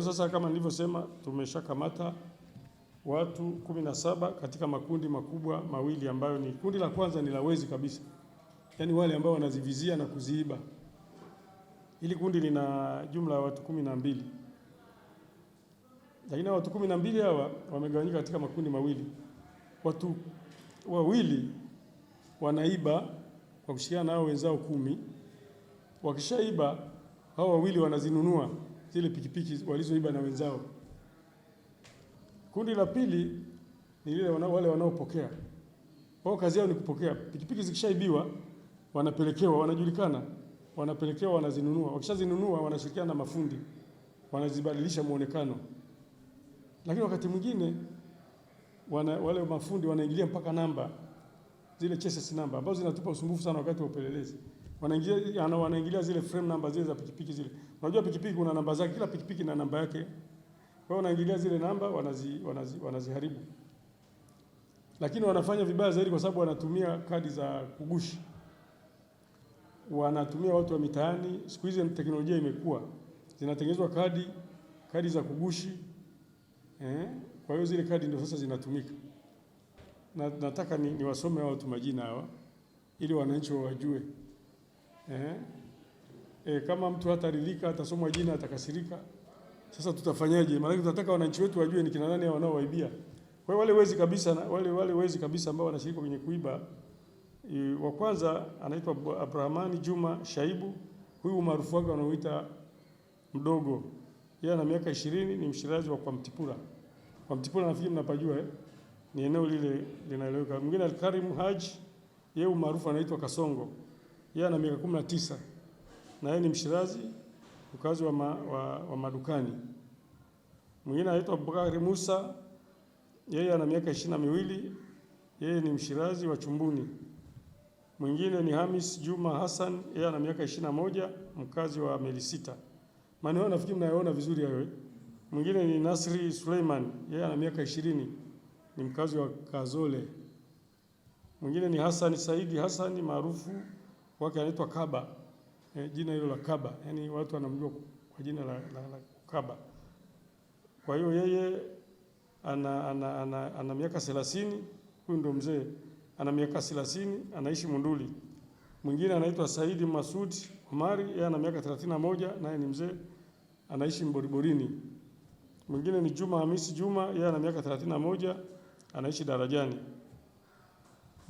hiyo sasa, kama nilivyosema, tumeshakamata watu kumi na saba katika makundi makubwa mawili, ambayo ni kundi la kwanza ni la wezi kabisa, yaani wale ambao wanazivizia na kuziiba. Hili kundi lina jumla ya watu kumi na mbili lakini watu kumi na mbili hawa wamegawanyika katika makundi mawili. Watu wawili wanaiba kwa kushirikiana na hao wenzao kumi, wakishaiba hao wawili wanazinunua zile pikipiki walizoiba na wenzao. Kundi la pili ni lile wana, wale wanaopokea wao, kazi yao ni kupokea pikipiki. Zikishaibiwa wanapelekewa, wanajulikana, wanapelekewa, wanazinunua. Wakishazinunua wanashirikiana na mafundi, wanazibadilisha muonekano, lakini wakati mwingine wana, wale mafundi wanaingilia mpaka namba zile chasis namba ambazo zinatupa usumbufu sana wakati wa upelelezi wanaingia wanaingilia zile frame namba zile za pikipiki zile. Unajua pikipiki kuna namba zake, kila pikipiki na namba yake. Kwa hiyo wanaingilia zile namba wanazi, wanaziharibu wanazi, lakini wanafanya vibaya zaidi kwa sababu wanatumia kadi za kugushi, wanatumia watu wa mitaani. Siku hizi teknolojia imekuwa, zinatengenezwa kadi kadi za kugushi eh? Kwa hiyo zile kadi ndio sasa zinatumika na nataka niwasome ni hao watu majina hawa ili wananchi wawajue eh? Eh, kama mtu hataridhika atasomwa jina atakasirika. Sasa tutafanyaje? Maana tunataka wananchi wetu wajue ni kina nani wanaowaibia. Kwa hiyo wale wezi kabisa wale wale wezi kabisa ambao wanashiriki kwenye kuiba e, wa kwanza anaitwa Abrahamani Juma Shaibu. Huyu umaarufu wake wanaoita mdogo. Yeye ana miaka 20 ni mshirazi wa kwa Mtipura. Kwa Mtipura nafikiri mnapajua eh? Ni eneo lile linaeleweka. Mwingine Alkarim Haji, yeye umaarufu anaitwa Kasongo yeye ana miaka kumi na tisa na yeye ni Mshirazi, mkazi wa, ma, wa, wa Madukani. Mwingine anaitwa Abubakari Musa, yeye ana miaka ishirini na miwili yeye ni Mshirazi wa Chumbuni. Mwingine ni Hamis Juma Hassan, yeye ana miaka ishirini na moja mkazi wa Melisita. Maeneo nafikiri mnayoona vizuri hayo. Eh? Mwingine ni Nasri Suleiman, yeye ana miaka ishirini ni mkazi wa Kazole. Mwingine ni Hassan Saidi Hassan maarufu wake anaitwa Kaba eh, jina hilo la Kaba, yani watu wanamjua kwa jina la, la, la Kaba. Kwa hiyo yeye ana, ana, ana, ana miaka thelathini. Huyu ndo mzee ana miaka thelathini, anaishi Munduli. Mwingine anaitwa Saidi Masud Omari, yeye ana miaka thelathini na moja, naye ni mzee, anaishi Mboriborini. Mwingine ni Juma Hamisi Juma, yeye ana miaka thelathini na moja, anaishi Darajani.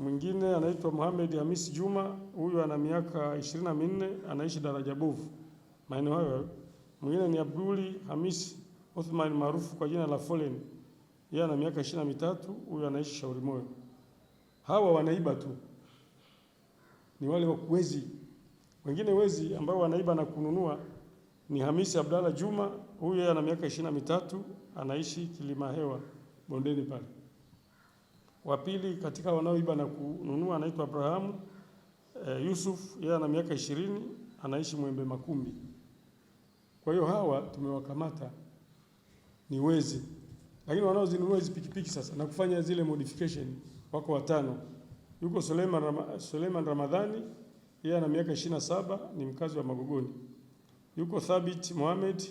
Mwingine anaitwa Mohamed Hamis Juma, huyu ana miaka ishirini na minne, anaishi daraja bovu maeneo hayo. Mwingine ni Abduli Hamis Othman maarufu kwa jina la Fallen, yeye ana miaka ishirini na mitatu, huyu anaishi Shauri Moyo. Hawa wanaiba tu, ni wale wezi. Wengine wezi ambao wanaiba na kununua ni Hamisi Abdalla Juma, huyu yeye ana miaka ishirini na mitatu, anaishi Kilimahewa bondeni pale. Wa pili katika wanaoiba na kununua anaitwa Abrahamu e, eh, Yusuf yeye ana miaka ishirini anaishi Mwembe Makumbi. Kwa hiyo hawa tumewakamata ni wezi, lakini wanaozinunua hizi pikipiki sasa na kufanya zile modification wako watano. Yuko Suleiman, Rama, Suleiman Ramadhani yeye ana miaka ishirini na saba ni mkazi wa Magogoni. Yuko Thabit Mohamed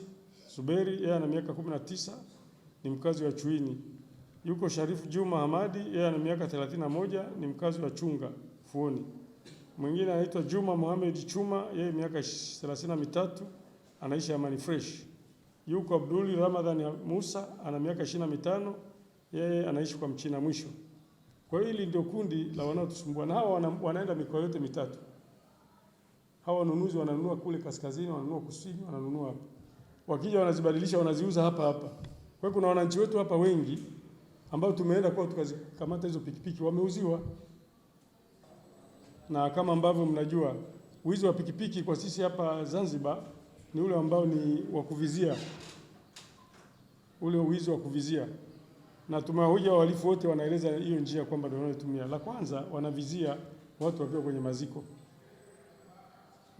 Suberi yeye ana miaka kumi na tisa ni mkazi wa Chuini. Yuko Sharifu Juma Hamadi, yeye ana miaka 31, ni mkazi wa Chunga Fuoni. Mwingine anaitwa Juma Mohamed Chuma, yeye miaka 33, anaishi Amani Fresh. Yuko Abduli Ramadhani Musa, ana miaka 25, yeye anaishi kwa Mchina Mwisho. Kwa hiyo hili ndio kundi la wanaotusumbua na hawa wana, wanaenda mikoa yote mitatu. Hawa wanunuzi wananunua kule kaskazini, wananunua kusini, wananunua hapa. Wakija wanazibadilisha, wanaziuza hapa hapa. Kwa hiyo kuna wananchi wetu hapa wengi ambao tumeenda kwao tukazikamata hizo pikipiki, wameuziwa. Na kama ambavyo mnajua, wizi wa pikipiki kwa sisi hapa Zanzibar ni ule ambao ni wa kuvizia, ule wizi wa kuvizia, na tumewahoja wahalifu wote, wanaeleza hiyo njia kwamba ndio wanayotumia. La kwanza wanavizia watu wakiwa kwenye maziko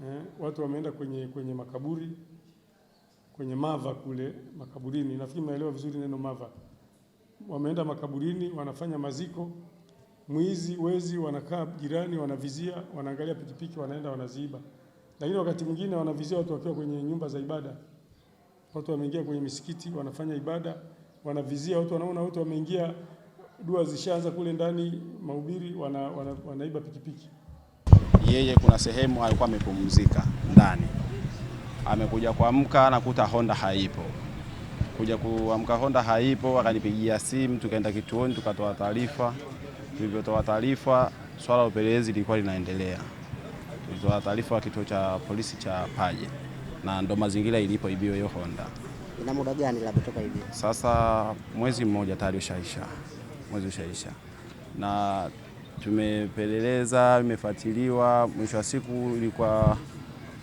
eh, watu wameenda kwenye, kwenye makaburi, kwenye mava kule makaburini, nafikiri mnaelewa vizuri neno mava wameenda makaburini, wanafanya maziko. Mwizi wezi wanakaa jirani, wanavizia, wanaangalia pikipiki, wanaenda wanaziiba. Lakini wakati mwingine wanavizia watu wakiwa kwenye nyumba za ibada, watu wameingia kwenye misikiti wanafanya ibada, wanavizia watu, wanaona watu wameingia, dua zishaanza kule ndani, mahubiri, wana, wana, wanaiba pikipiki. Yeye kuna sehemu alikuwa amepumzika ndani, amekuja kuamka anakuta Honda haipo kuja kuamka Honda haipo, wakanipigia simu, tukaenda kituoni, tukatoa taarifa. Tulivyotoa taarifa, swala la upelelezi lilikuwa linaendelea. Tulitoa taarifa wa kituo cha polisi cha Paje, na ndo mazingira ilipo ibio hiyo Honda. Ina muda gani labda toka hivi? Sasa mwezi mmoja tayari ushaisha, mwezi ushaisha, na tumepeleleza, imefuatiliwa. Mwisho wa siku ilikuwa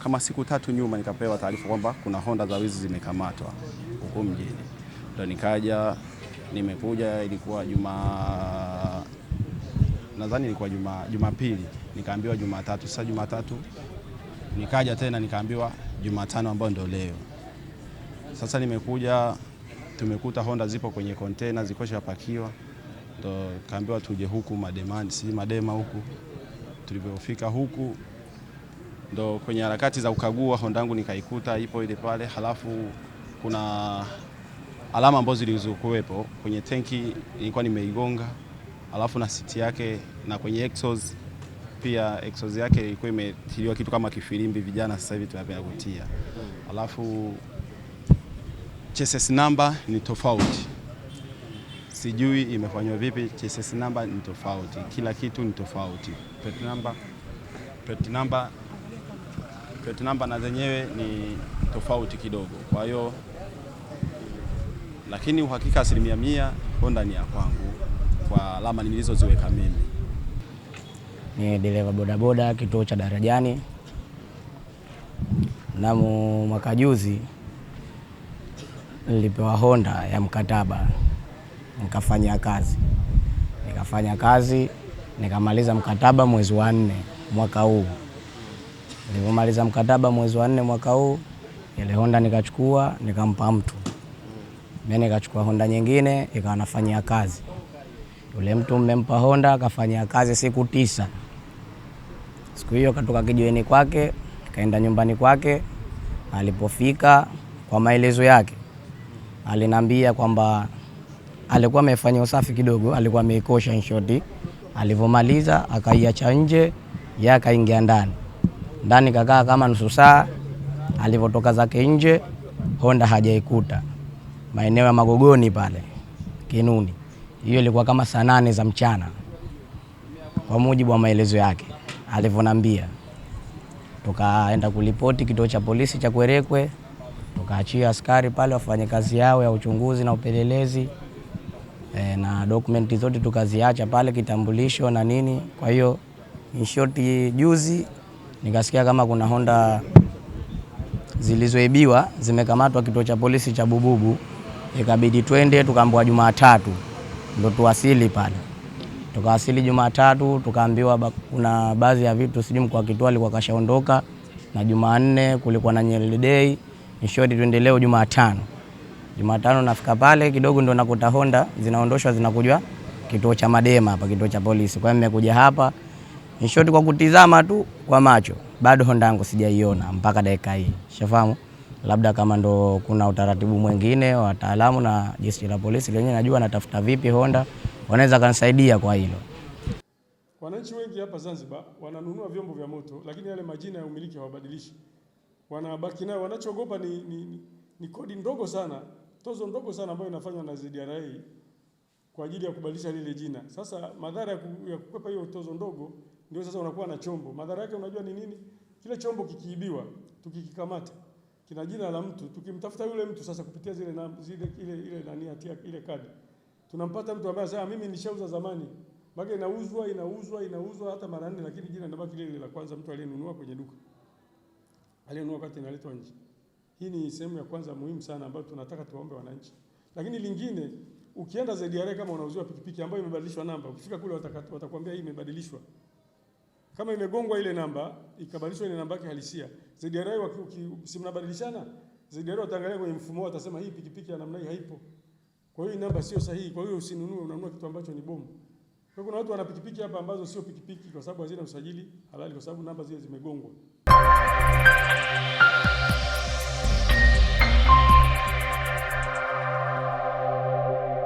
kama siku tatu nyuma, nikapewa taarifa kwamba kuna Honda za wizi zimekamatwa huku mjini. Ndo nikaja nimekuja, ilikuwa juma nadhani ilikuwa juma Jumapili, nikaambiwa Jumatatu. Sasa Jumatatu nikaja tena nikaambiwa Jumatano ambayo ndo leo. Sasa nimekuja tumekuta Honda zipo kwenye kontena zikoshapakiwa, ndo kaambiwa tuje huku mademani, si madema huku. Tulipofika huku ndo kwenye harakati za ukagua Honda yangu nikaikuta ipo ile pale, halafu kuna alama ambazo zilizokuwepo kwenye tenki, ilikuwa nimeigonga, alafu na siti yake na kwenye exos pia exos yake ilikuwa imetiliwa kitu kama kifilimbi, vijana sasa hivi tunapenda kutia. Alafu chassis number ni tofauti, sijui imefanywa vipi. Chassis number ni tofauti, kila kitu ni tofauti. Plate number, plate number, plate number na zenyewe ni tofauti kidogo, kwa hiyo lakini uhakika asilimia mia Honda ni ya kwangu kwa alama nilizoziweka mimi. Ni dereva bodaboda kituo cha Darajani. Mnamo mwaka juzi nilipewa Honda ya mkataba nikafanya kazi nikafanya kazi nikamaliza mkataba mwezi wa nne mwaka huu. Nilipomaliza mkataba mwezi wa nne mwaka huu, ile Honda nikachukua nikampa mtu mimi nikachukua Honda nyingine ikawa nafanyia kazi. Yule mtu mmempa Honda akafanyia kazi siku tisa. Siku hiyo katoka kijiweni kwake kaenda nyumbani kwake. Alipofika, kwa maelezo yake, alinambia kwamba alikuwa amefanya usafi kidogo, alikuwa ameikosha inshoti. Alivyomaliza akaiacha nje, yeye akaingia ndani. Ndani kakaa kama nusu saa, alivyotoka zake nje Honda hajaikuta maeneo ya Magogoni pale Kinuni. Hiyo ilikuwa kama saa nane za mchana kwa mujibu wa maelezo yake alivyonambia. Tukaenda kulipoti kituo cha polisi cha Kwerekwe, tukaachia askari pale wafanye kazi yao ya uchunguzi na upelelezi e, na dokumenti zote tukaziacha pale, kitambulisho na nini. Kwa hiyo in short, juzi nikasikia kama kuna Honda zilizoibiwa zimekamatwa kituo cha polisi cha Bububu ikabidi twende, tukaambiwa Jumatatu ndo tuwasili pale. Tukawasili Jumatatu tukaambiwa kuna baadhi ya vitu, sijui mkuu wa kituo alikuwa kashaondoka, na Jumanne kulikuwa na Nyerere Day, nishoti tuende leo Jumatano. Jumatano nafika pale kidogo, ndo nakuta Honda zinaondoshwa zinakuja kituo cha Madema hapa, kituo cha polisi. Kwa hiyo nimekuja hapa nishoti kwa kutizama tu kwa macho, bado Honda yangu sijaiona mpaka dakika hii, shafahamu labda kama ndo kuna utaratibu mwingine wataalamu na jeshi la polisi lenyewe najua natafuta vipi Honda wanaweza kanisaidia kwa hilo. Wananchi wengi hapa Zanzibar wananunua vyombo vya moto, lakini yale majina ya umiliki hawabadilishi, wanabaki nayo. Wanachogopa ni, ni, ni ni kodi ndogo sana, tozo ndogo sana ambayo inafanywa na ZDRA kwa ajili ya kubadilisha lile jina. Sasa madhara ya kukwepa hiyo tozo ndogo ndio sasa unakuwa na chombo. Madhara yake unajua ni nini? Kile chombo kikiibiwa, tukikikamata kina jina la mtu. Tukimtafuta yule mtu sasa kupitia zile na, zile ile ile nani atia ile kadi, tunampata mtu ambaye sasa mimi nishauza zamani, maana inauzwa inauzwa inauzwa hata mara nne, lakini jina linabaki lile la kwanza, mtu aliyenunua kwenye duka aliyenunua wakati inaletwa nje. Hii ni sehemu ya kwanza muhimu sana ambayo tunataka tuombe wananchi. Lakini lingine, ukienda ZRA kama unauziwa pikipiki ambayo imebadilishwa namba, ukifika kule watakwambia hii imebadilishwa kama imegongwa ile namba ikabadilishwa ile namba yake halisia, ZDR si mnabadilishana, ZDR wataangalia kwenye mfumo wao, watasema hii pikipiki ya namna hii haipo, kwa hiyo namba sio sahihi, kwa hiyo usinunue, unanunua kitu ambacho ni bomu. Kwa kuna watu wana pikipiki hapa ambazo sio pikipiki, kwa sababu hazina usajili halali, kwa sababu namba zile zimegongwa.